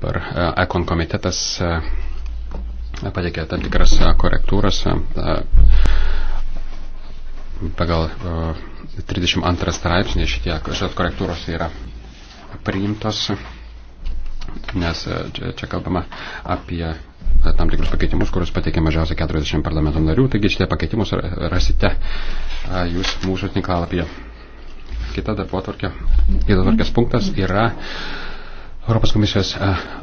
Par Ekon komitetas e, pateikė tam tikras e, korektūras e, pagal 32 straipsnį šitie šios korektūros yra priimtos, nes čia kalbama apie tam tikrus pakeitimus, kuriuos pateikė mažiausiai 40 parlamento narių, taigi šitie pakeitimus rasite jūs mūsų tinklalapyje. Kita darbotvarkė, kitas punktas yra Europos komisijos e,